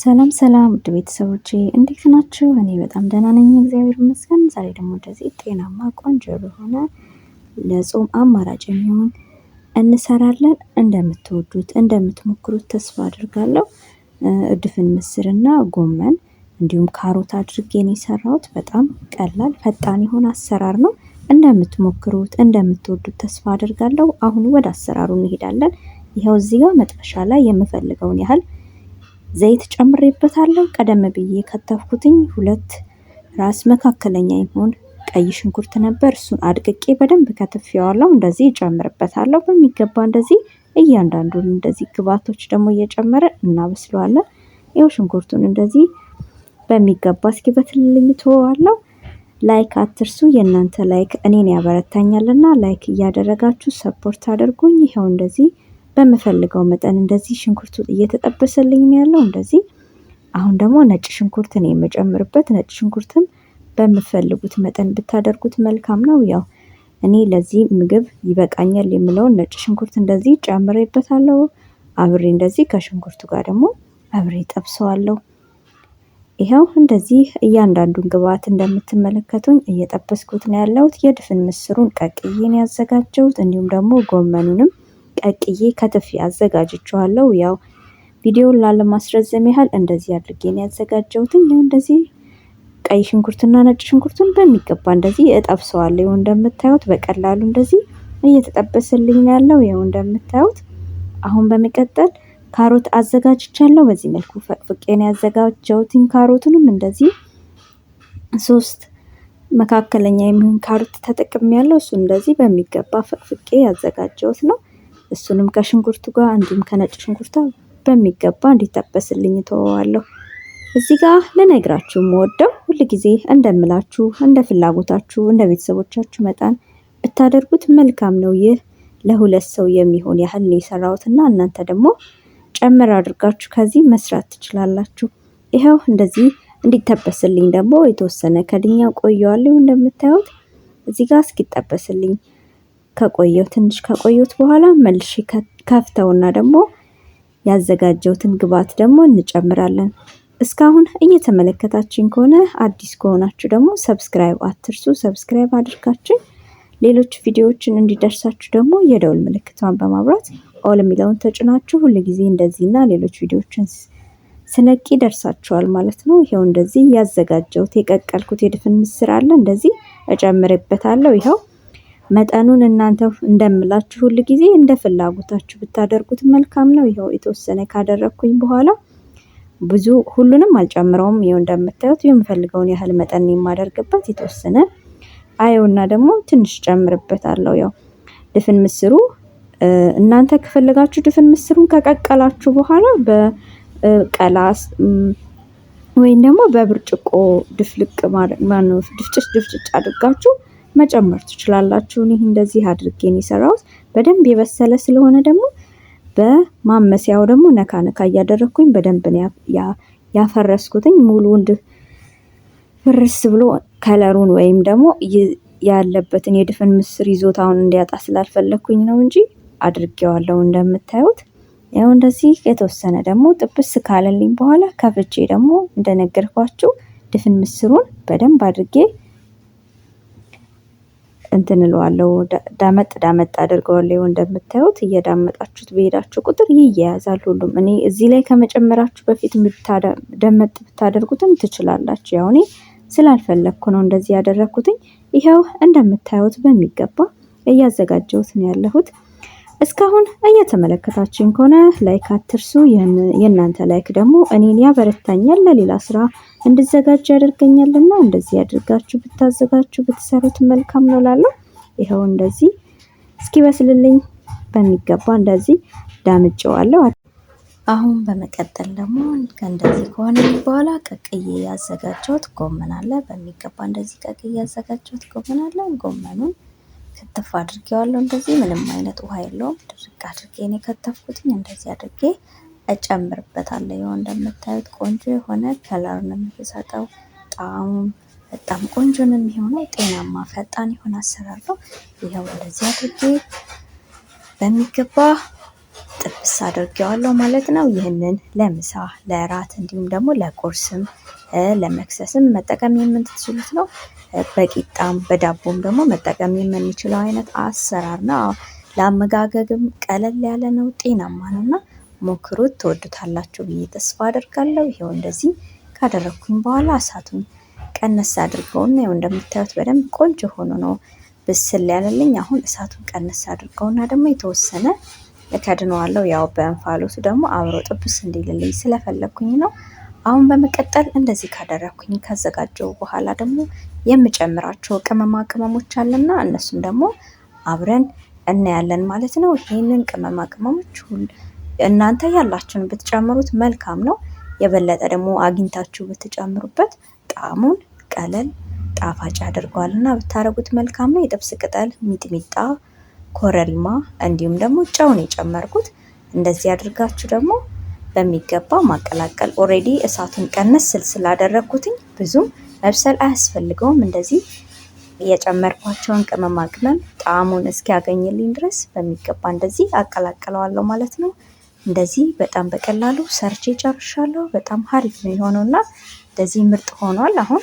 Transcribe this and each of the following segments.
ሰላም ሰላም ውድ ቤተሰቦቼ እንዴት ናችሁ? እኔ በጣም ደህና ነኝ፣ እግዚአብሔር ይመስገን። ዛሬ ደግሞ እንደዚህ ጤናማ ቆንጆ የሆነ ለጾም አማራጭ የሚሆን እንሰራለን። እንደምትወዱት እንደምትሞክሩት ተስፋ አድርጋለሁ። እድፍን ምስርና ጎመን እንዲሁም ካሮት አድርጌ ነው የሰራሁት። በጣም ቀላል ፈጣን የሆነ አሰራር ነው። እንደምትሞክሩት እንደምትወዱት ተስፋ አድርጋለሁ። አሁን ወደ አሰራሩ እንሄዳለን። ይኸው እዚህ ጋር መጥበሻ ላይ የምፈልገውን ያህል ዘይት ጨምሬበታለሁ። ቀደም ብዬ ከተፍኩትኝ ሁለት ራስ መካከለኛ ይሁን ቀይ ሽንኩርት ነበር። እሱን አድቅቄ በደንብ ከትፌዋለሁ። እንደዚህ እጨምርበታለሁ በሚገባ እንደዚህ እያንዳንዱን እንደዚህ ግብአቶች ደግሞ እየጨመረ እናበስለዋለን። ይኸው ሽንኩርቱን እንደዚህ በሚገባ በትልልኝ እተወዋለሁ። ላይክ አትርሱ። የእናንተ ላይክ እኔን ያበረታኛልና ላይክ እያደረጋችሁ ሰፖርት አድርጉኝ። ይኸው እንደዚህ በምፈልገው መጠን እንደዚህ ሽንኩርቱ እየተጠበሰልኝ ነው ያለው። እንደዚህ አሁን ደግሞ ነጭ ሽንኩርት ነው የምጨምርበት። ነጭ ሽንኩርትም በምፈልጉት መጠን ብታደርጉት መልካም ነው። ያው እኔ ለዚህ ምግብ ይበቃኛል የምለውን ነጭ ሽንኩርት እንደዚህ ጨምሬበታለሁ። አብሬ እንደዚህ ከሽንኩርቱ ጋር ደግሞ አብሬ ጠብሰዋለሁ። ይኸው እንደዚህ እያንዳንዱን ግብአት እንደምትመለከቱኝ እየጠበስኩት ነው ያለሁት። የድፍን ምስሩን ቀቅዬን ያዘጋጀሁት እንዲሁም ደግሞ ጎመኑንም ቀቅዬ ከትፌ አዘጋጅቼዋለሁ። ያው ቪዲዮውን ላለማስረዘም ያህል እንደዚህ አድርጌን ነው ያዘጋጀሁትኝ። ያው እንደዚህ ቀይ ሽንኩርትና ነጭ ሽንኩርቱን በሚገባ እንደዚህ እጠብሰዋለሁ። ያው እንደምታዩት በቀላሉ እንደዚህ እየተጠበሰልኝ ያለው። ያው እንደምታዩት አሁን በመቀጠል ካሮት አዘጋጅቻለሁ። በዚህ መልኩ ፈቅፍቄ ነው ያዘጋጀሁትኝ። ካሮቱንም እንደዚህ ሶስት መካከለኛ የሚሆን ካሮት ተጠቅሜ ያለው እሱ እንደዚህ በሚገባ ፈቅፍቄ ያዘጋጀሁት ነው። እሱንም ከሽንኩርቱ ጋር እንዲሁም ከነጭ ሽንኩርቱ በሚገባ እንዲጠበስልኝ ተወዋለሁ። እዚህ ጋር ልነግራችሁ የምወደው ጊዜ እንደምላችሁ እንደ ፍላጎታችሁ እንደ ቤተሰቦቻችሁ መጠን ብታደርጉት መልካም ነው። ይህ ለሁለት ሰው የሚሆን ያህል ነው እናንተ ደግሞ ጨምር አድርጋችሁ ከዚህ መስራት ትችላላችሁ። ይኸው እንደዚህ እንዲጠበስልኝ ደግሞ የተወሰነ ከድኛ ቆየዋለሁ። እንደምታዩት እዚህ ጋር እስኪጠበስልኝ ከቆየው ትንሽ ከቆዩት በኋላ መልሼ ከፍተውና ደግሞ ያዘጋጀውትን ግብዓት ደግሞ እንጨምራለን። እስካሁን እየተመለከታችን ከሆነ አዲስ ከሆናችሁ ደግሞ ሰብስክራይብ አትርሱ። ሰብስክራይብ አድርጋችን ሌሎች ቪዲዮዎችን እንዲደርሳችሁ ደግሞ የደውል ምልክቷን በማብራት ኦል የሚለውን ተጭናችሁ ጊዜ እንደዚህና ሌሎች ቪዲዮዎችን ስለቂ ደርሳችኋል ማለት ነው። ይኸው እንደዚህ ያዘጋጀውት የቀቀልኩት የድፍን ምስር አለ። እንደዚህ እጨምርበታለሁ። ይኸው መጠኑን እናንተ እንደምላችሁ ሁል ጊዜ እንደ ፍላጎታችሁ ብታደርጉት መልካም ነው። ይኸው የተወሰነ ካደረግኩኝ በኋላ ብዙ ሁሉንም አልጨምረውም። ይኸው እንደምታዩት የምፈልገውን ያህል መጠን የማደርግበት የተወሰነ አየውና ደግሞ ትንሽ ጨምርበታለሁ። ያው ድፍን ምስሩ እናንተ ከፈለጋችሁ ድፍን ምስሩን ከቀቀላችሁ በኋላ በቀላስ ወይም ደግሞ በብርጭቆ ድፍልቅ ድፍጭጭ ድፍጭጭ አድርጋችሁ መጨመር ትችላላችሁ። ይህ እንደዚህ አድርጌን የሰራሁት በደንብ የበሰለ ስለሆነ ደግሞ በማመስያው ደግሞ ነካ ነካ እያደረግኩኝ በደንብ ያፈረስኩትኝ ሙሉ እንድ ፍርስ ብሎ ከለሩን ወይም ደግሞ ያለበትን የድፍን ምስር ይዞታውን እንዲያጣ ስላልፈለግኩኝ ነው እንጂ አድርጌዋለሁ። እንደምታዩት ያው እንደዚህ የተወሰነ ደግሞ ጥብስ ካለልኝ በኋላ ከፍቼ ደግሞ እንደነገርኳችሁ ድፍን ምስሩን በደንብ አድርጌ እንትንለዋለው ዳመጥ ዳመጥ አደርገዋለሁ እንደምታዩት እየዳመጣችሁት በሄዳችሁ ቁጥር ይያያዛል ሁሉም። እኔ እዚህ ላይ ከመጨመራችሁ በፊት ደመጥ ብታደርጉትም ትችላላችሁ። ያው እኔ ስላልፈለግኩ ነው እንደዚህ ያደረግኩትኝ። ይኸው እንደምታዩት በሚገባ እያዘጋጀሁት ነው ያለሁት። እስካሁን እየተመለከታችን ከሆነ ላይክ አትርሱ። የእናንተ ላይክ ደግሞ እኔን ያበረታኛል ለሌላ ስራ እንድዘጋጅ ያደርገኛልና እንደዚህ ያድርጋችሁ ብታዘጋጁ ብትሰሩት መልካም ነው ላለው። ይኸው እንደዚህ እስኪበስልልኝ በሚገባ እንደዚህ ዳምጬዋለሁ። አሁን በመቀጠል ደግሞ እንደዚህ ከሆነ በኋላ ቀቅዬ ያዘጋጀሁት ጎመን አለ። በሚገባ እንደዚህ ቀቅዬ ያዘጋጀሁት ጎመን አለ። ጎመኑን ከተፍ አድርጌዋለሁ። እንደዚህ ምንም አይነት ውሃ የለውም። ድርቅ አድርጌ ነው የከተፍኩትኝ። እንደዚህ አድርጌ እጨምርበታለሁ ያው እንደምታዩት ቆንጆ የሆነ ከለር ነው የሚሰጠው። ጣዕሙም በጣም ቆንጆ ነው የሚሆነው። ጤናማ ፈጣን የሆነ አሰራር ነው። ይኸው እንደዚህ አድርጌ በሚገባ ጥብስ አድርጌዋለሁ ማለት ነው። ይህንን ለምሳ ለራት እንዲሁም ደግሞ ለቁርስም ለመክሰስም መጠቀም የምትችሉት ነው። በቂጣም በዳቦም ደግሞ መጠቀም የምንችለው አይነት አሰራር ነው። ለአመጋገብም ቀለል ያለ ነው፣ ጤናማ ነውና ሞክሩት ትወዱታላችሁ ብዬ ተስፋ አደርጋለሁ። ይሄው እንደዚህ ካደረግኩኝ በኋላ እሳቱን ቀነስ አድርገውና ይኸው እንደምታዩት በደንብ ቆንጆ ሆኖ ነው ብስል ያለልኝ። አሁን እሳቱን ቀነስ አድርገውና ደግሞ የተወሰነ እከድነዋለሁ። ያው በእንፋሎቱ ደግሞ አብሮ ጥብስ እንዲልልኝ ስለፈለግኩኝ ነው። አሁን በመቀጠል እንደዚህ ካደረግኩኝ ካዘጋጀው በኋላ ደግሞ የምጨምራቸው ቅመማ ቅመሞች አለና እነሱም ደግሞ አብረን እናያለን ማለት ነው። ይህንን ቅመማ ቅመሞች እናንተ ያላችሁን ብትጨምሩት መልካም ነው። የበለጠ ደግሞ አግኝታችሁ ብትጨምሩበት ጣዕሙን ቀለል ጣፋጭ ያደርገዋል እና ብታረጉት መልካም ነው። የጥብስ ቅጠል፣ ሚጥሚጣ፣ ኮረሪማ እንዲሁም ደግሞ ጨውን የጨመርኩት እንደዚህ አድርጋችሁ ደግሞ በሚገባ ማቀላቀል። ኦሬዲ እሳቱን ቀነስ ስል ስላደረግኩትኝ ብዙም መብሰል አያስፈልገውም። እንደዚህ የጨመርኳቸውን ቅመማ ቅመም ጣዕሙን እስኪያገኝልኝ ድረስ በሚገባ እንደዚህ አቀላቅለዋለሁ ማለት ነው። እንደዚህ በጣም በቀላሉ ሰርቼ ጨርሻለሁ። በጣም ሀሪፍ ነው የሆነው እና እንደዚህ ምርጥ ሆኗል። አሁን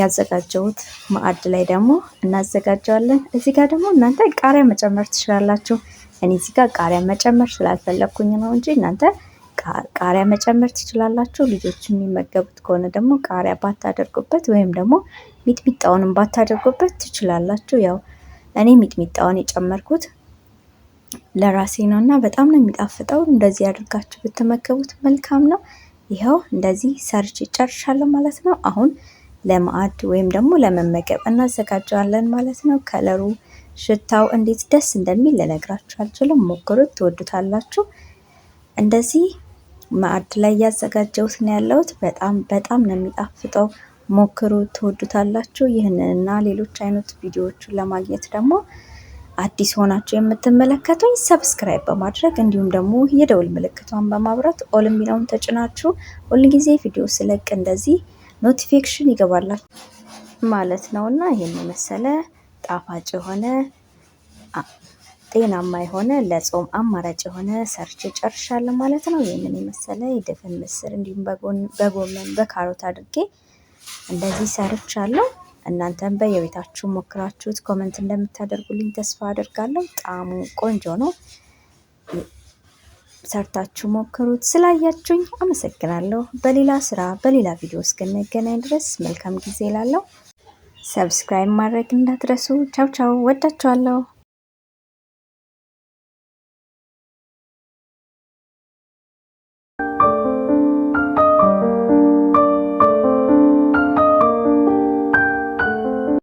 ያዘጋጀሁት ማዕድ ላይ ደግሞ እናዘጋጀዋለን። እዚህ ጋር ደግሞ እናንተ ቃሪያ መጨመር ትችላላችሁ። እኔ እዚህ ጋር ቃሪያ መጨመር ስላልፈለግኩኝ ነው እንጂ እናንተ ቃሪያ መጨመር ትችላላችሁ። ልጆች የሚመገቡት ከሆነ ደግሞ ቃሪያ ባታደርጉበት ወይም ደግሞ ሚጥሚጣውንም ባታደርጉበት ትችላላችሁ። ያው እኔ ሚጥሚጣውን የጨመርኩት ለራሴ ነው እና በጣም ነው የሚጣፍጠው። እንደዚህ አድርጋችሁ ብትመገቡት መልካም ነው። ይኸው እንደዚህ ሰርች ጨርሻለሁ ማለት ነው። አሁን ለማዕድ ወይም ደግሞ ለመመገብ እናዘጋጀዋለን ማለት ነው። ከለሩ፣ ሽታው እንዴት ደስ እንደሚል ልነግራችሁ አልችልም። ሞክሩት፣ ትወዱታላችሁ። እንደዚህ ማዕድ ላይ እያዘጋጀሁት ነው ያለሁት። በጣም በጣም ነው የሚጣፍጠው። ሞክሩት፣ ትወዱታላችሁ። ይህንንና ሌሎች አይነት ቪዲዮዎቹን ለማግኘት ደግሞ አዲስ ሆናችሁ የምትመለከቱኝ ሰብስክራይብ በማድረግ እንዲሁም ደግሞ የደውል ምልክቷን በማብራት ኦል የሚለውን ተጭናችሁ ሁልጊዜ ቪዲዮ ስለቅ እንደዚህ ኖቲፊኬሽን ይገባላችሁ ማለት ነው እና ይህን የመሰለ ጣፋጭ የሆነ ጤናማ የሆነ ለጾም አማራጭ የሆነ ሰርች ጨርሻለ ማለት ነው። ይህንን የመሰለ የድፍን ምስር እንዲሁም በጎመን በካሮት አድርጌ እንደዚህ ሰርቻለሁ። እናንተም በየቤታችሁ ሞክራችሁት ኮመንት እንደምታደርጉልኝ ተስፋ አደርጋለሁ። ጣዕሙ ቆንጆ ነው። ሰርታችሁ ሞክሩት። ስላያችሁኝ አመሰግናለሁ። በሌላ ስራ በሌላ ቪዲዮ እስክንገናኝ ድረስ መልካም ጊዜ ላለው ሰብስክራይብ ማድረግ እንዳትረሱ። ቻው ቻው። ወዳችኋለሁ።